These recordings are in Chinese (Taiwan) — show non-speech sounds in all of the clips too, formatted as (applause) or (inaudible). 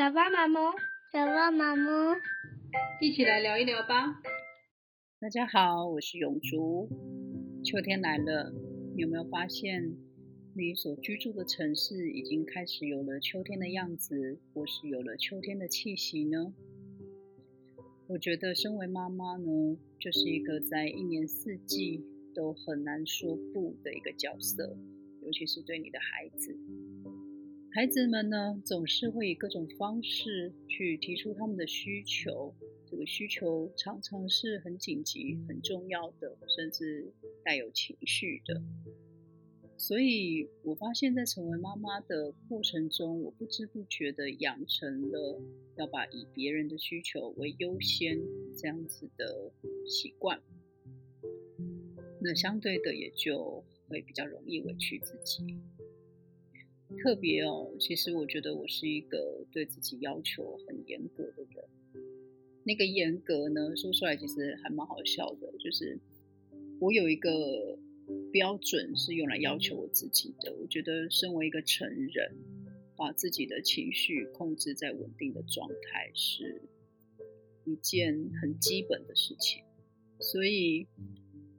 小巴媽媽，小巴媽媽，一起來聊一聊吧。大家好，我是詠竹。秋天來了，你有沒有發現你所居住的城市已經開始有了秋天的樣子，或是有了秋天的氣息呢？我覺得身為媽媽呢，就是一個在一年四季都很難說不的一個角色，尤其是對你的孩子。孩子們呢，總是會以各種方式去提出他們的需求，這個需求常常是很緊急、很重要的，甚至帶有情緒的。所以我發現，在成為媽媽的過程中，我不知不覺地養成了要把以別人的需求為優先這樣子的習慣，那相對的也就會比較容易委屈自己。特別哦，其實我覺得我是一個對自己要求很嚴格的人。那個嚴格呢，說出來其實還蠻好笑的，就是我有一個標準是用來要求我自己的。我覺得身為一個成人，把自己的情緒控制在穩定的狀態是一件很基本的事情。所以，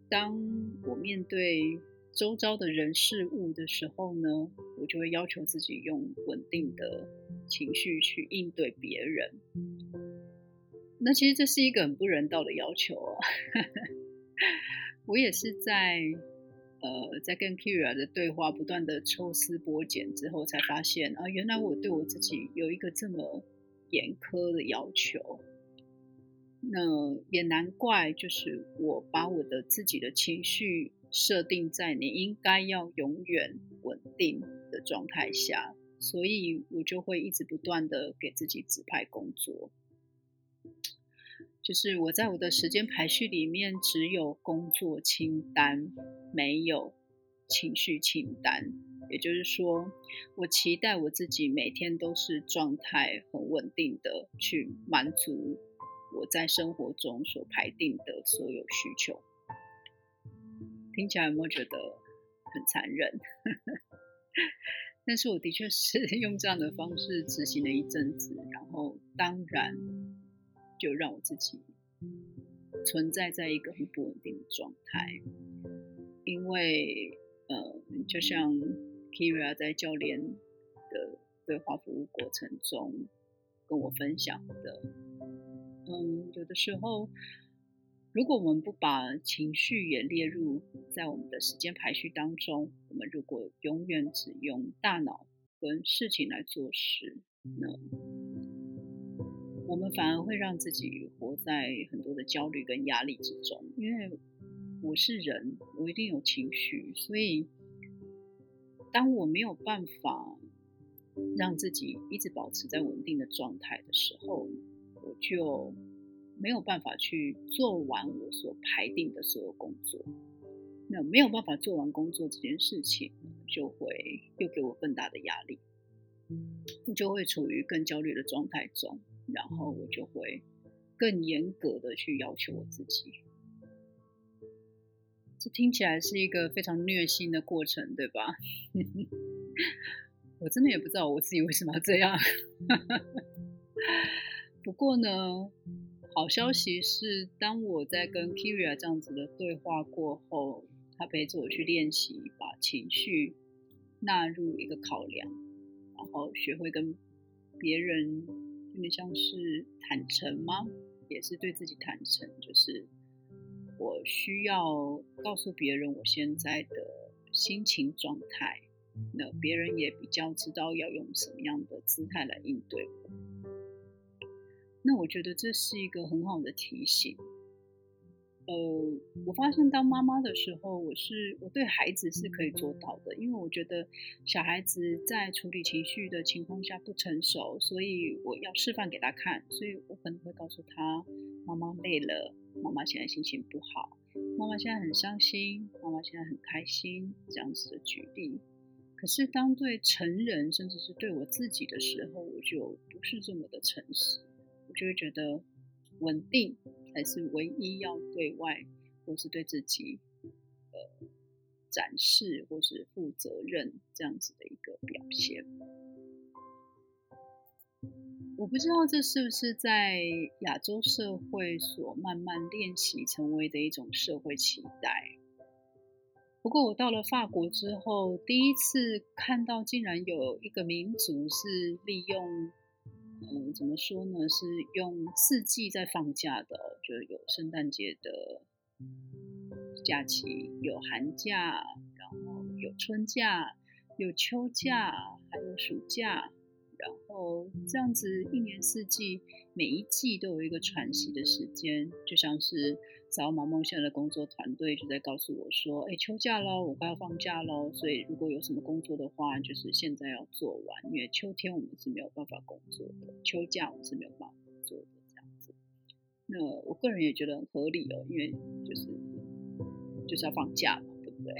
當我面對周遭的人事物的時候呢，我就會要求自己用穩定的情緒去應對別人。那其實這是一個很不人道的要求啊、哦！ (laughs) 我也是在呃在跟 Kyria 的對話不斷的抽絲剝繭之後，才發現啊，原來我對我自己有一個這麼嚴苛的要求。那也難怪，就是我把我的自己的情緒。設定在你應該要永遠穩定的狀態下，所以我就會一直不斷的給自己指派工作。就是我在我的時間排序裡面只有工作清單，沒有情緒清單。也就是說，我期待我自己每天都是狀態很穩定的去滿足我在生活中所排定的所有需求。聽起來有沒有覺得很殘忍？ (laughs) 但是我的確是用這樣的方式執行了一陣子，然後當然就讓我自己存在在一個很不穩定的狀態，因為呃、嗯，就像 Kyria 在教練的對話服務過程中跟我分享的，嗯，有的時候。如果我們不把情緒也列入在我們的時間排序當中，我們如果永遠只用大腦跟事情來做事，那我們反而會讓自己活在很多的焦慮跟壓力之中。因為我是人，我一定有情緒，所以當我沒有辦法讓自己一直保持在穩定的狀態的時候，我就，沒有辦法去做完我所排定的所有工作，那沒有辦法做完工作這件事情，就會又給我更大的壓力，我就會處於更焦慮的狀態中，然後我就會更嚴格的去要求我自己。這聽起來是一個非常虐心的過程，對吧？ (laughs) 我真的也不知道我自己為什麼要這樣。 (laughs) 不過呢。好消息是，當我在跟 Kyria 這樣子的對話過後，他陪着我去練習把情緒納入一個考量，然後學會跟別人有點像是坦誠嗎？也是對自己坦誠，就是我需要告訴別人我現在的心情狀態，那別人也比較知道要用什麼樣的姿態來應對我。我覺得這是一個很好的提醒。呃，我發現當媽媽的時候，我是我對孩子是可以做到的，因為我覺得小孩子在處理情緒的情況下不成熟，所以我要示範給他看，所以我可能會告訴他，媽媽累了，媽媽現在心情不好，媽媽現在很傷心，媽媽現在很開心，這樣子的舉例。可是當對成人，甚至是對我自己的時候，我就不是這麼的誠實。我就會覺得穩定才是唯一要對外或是對自己呃展示或是負責任這樣子的一個表現。我不知道這是不是在亞洲社會所慢慢練習成為的一種社會期待。不過我到了法國之後，第一次看到竟然有一個民族是利用。嗯，怎麼說呢？是用四季在放假的哦，就有聖誕節的假期，有寒假，然後有春假，有秋假，還有暑假，然後這樣子一年四季，每一季都有一個喘息的時間，就像是。然後，瑪矇現在的工作團隊就在告訴我說：“誒、欸，秋假咯，我快要放假咯。」所以如果有什麼工作的話，就是現在要做完，因為秋天我們是沒有辦法工作的，秋假我們是沒有辦法工作的這樣子。那我個人也覺得很合理哦，因為就是就是要放假嘛，對不對？ (laughs)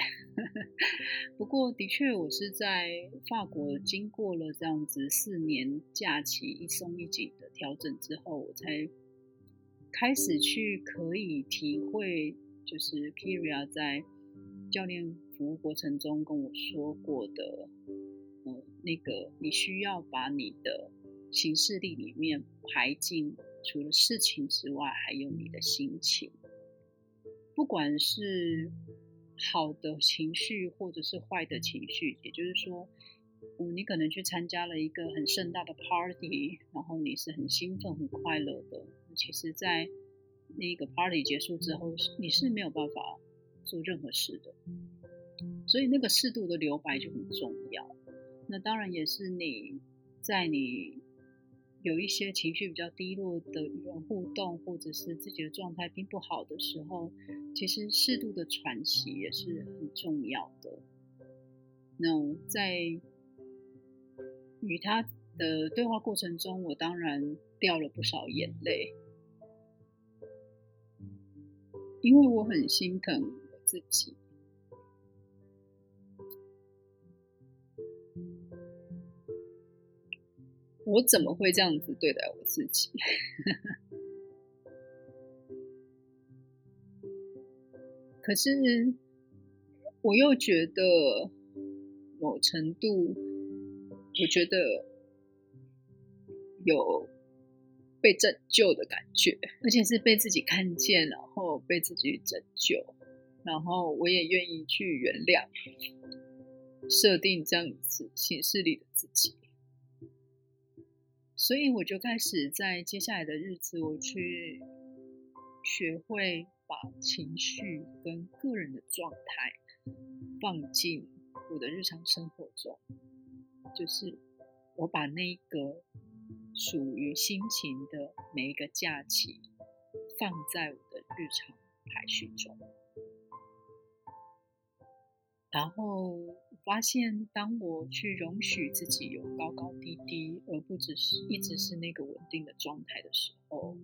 不過的確，我是在法國經過了這樣子四年假期一鬆一緊的調整之後，我才。”開始去可以體會，就是 Kyria 在教練服務過程中跟我說過的，呃，那個你需要把你的行事曆裡面排進除了事情之外，還有你的心情，不管是好的情緒或者是壞的情緒。也就是說，嗯，你可能去參加了一個很盛大的 party，然後你是很興奮、很快樂的。其實，在那個 party 結束之後，你是沒有辦法做任何事的。所以，那個適度的留白就很重要。那當然也是你在你有一些情緒比較低落的與人互動，或者是自己的狀態並不好的時候，其實適度的喘息也是很重要的。那在與他的對話過程中，我當然掉了不少眼淚。因為我很心疼我自己，我怎麼會這樣子對待我自己？可是，我又覺得某程度，我覺得有。被拯救的感覺，而且是被自己看見，然後被自己拯救，然後我也願意去原諒，設定這樣子形式裡的自己。所以我就開始在接下來的日子，我去學會把情緒跟個人的狀態放進我的日常生活中，就是我把那一個。屬於心情的每一個假期，放在我的日常排序中。然後發現，當我去容許自己有高高低低，而不只是一直是那個穩定的狀態的時候，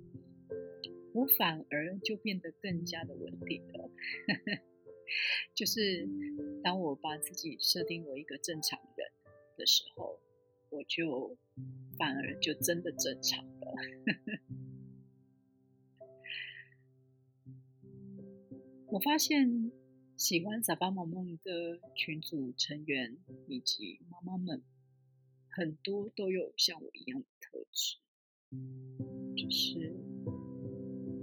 我反而就變得更加的穩定了。 (laughs) 就是當我把自己設定為一個正常人的時候。我就反而就真的正常了。 (laughs) 我發現喜歡《撒巴瑪矇》的群組成員以及媽媽們，很多都有像我一樣的特質，就是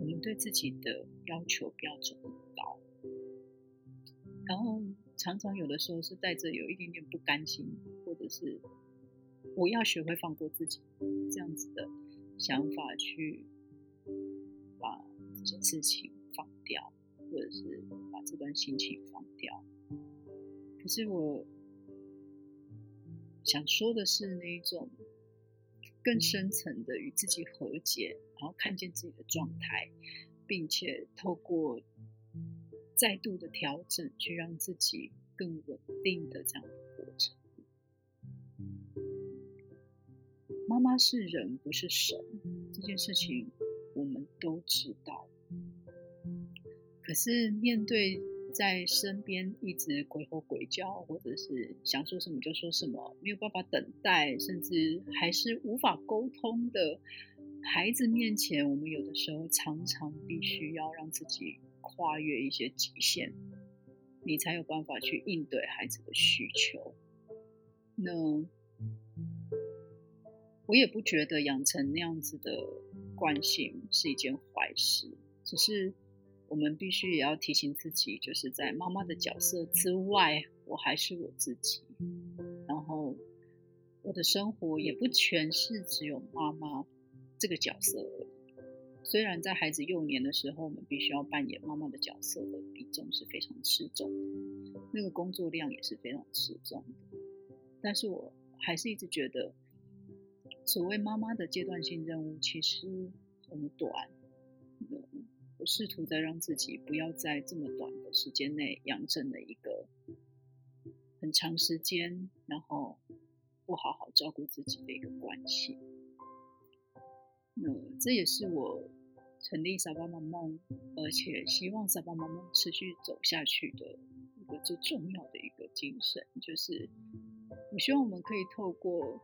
我們對自己的要求標準很高，然後常常有的時候是帶着有一點點不甘心，或者是。我要學會放過自己，這樣子的想法去把這件事情放掉，或者是把這段心情放掉。可是我想說的是，那種更深層的與自己和解，然後看見自己的狀態，並且透過再度的調整，去讓自己更穩定的這樣。媽媽是人，不是神，這件事情我們都知道。可是面對在身邊一直鬼吼鬼叫，或者是想說什麼就說什麼，沒有辦法等待，甚至還是無法溝通的孩子面前，我們有的時候常常必須要讓自己跨越一些極限，你才有辦法去應對孩子的需求。那。我也不覺得養成那樣子的慣性是一件壞事，只是我們必須也要提醒自己，就是在媽媽的角色之外，我還是我自己。然後我的生活也不全是只有媽媽這個角色而已。雖然在孩子幼年的時候，我們必須要扮演媽媽的角色的比重是非常吃重的，那個工作量也是非常吃重的。但是我還是一直覺得。所謂媽媽的階段性任務其實很短，嗯、我試圖在讓自己不要在這麼短的時間內養成了一個很長時間，然後不好好照顧自己的一個關係。那、嗯、這也是我成立撒巴瑪矇，而且希望撒巴瑪矇持續走下去的一個最重要的一個精神，就是我希望我們可以透過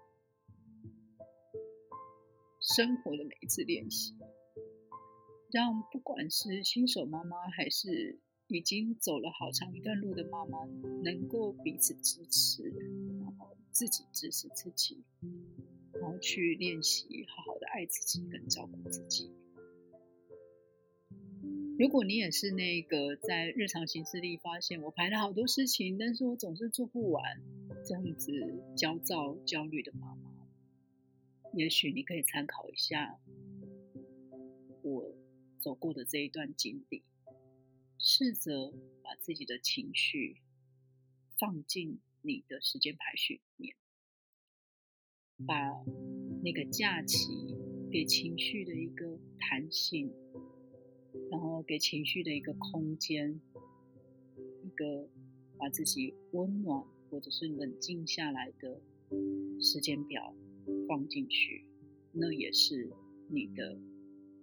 生活的每一次練習，讓不管是新手媽媽，還是已經走了好長一段路的媽媽，能夠彼此支持，然後自己支持自己，然後去練習好好的愛自己跟照顧自己。如果你也是那個在日常行事曆發現我排了好多事情，但是我總是做不完，這樣子焦躁焦慮的媽媽。也許你可以參考一下我走過的這一段經歷，試着把自己的情緒放進你的時間排序裡面，把那個假期給情緒的一個彈性，然後給情緒的一個空間，一個把自己溫暖或者是冷靜下來的時間表。放進去，那也是你的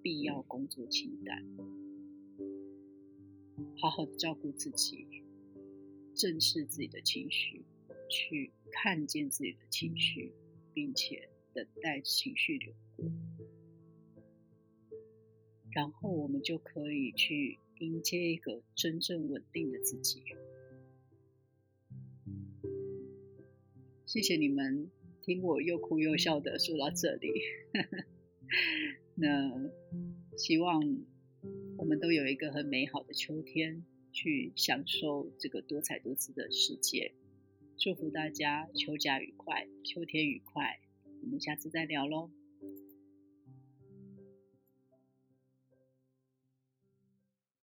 必要工作清單。好好照顧自己，正視自己的情緒，去看見自己的情緒，並且等待情緒流過，然後我們就可以去迎接一個真正穩定的自己。謝謝你們。聽我又哭又笑的說到這裡，呵呵，那希望我們都有一個很美好的秋天，去享受這個多彩多姿的世界。祝福大家秋假愉快，秋天愉快。我們下次再聊嘍。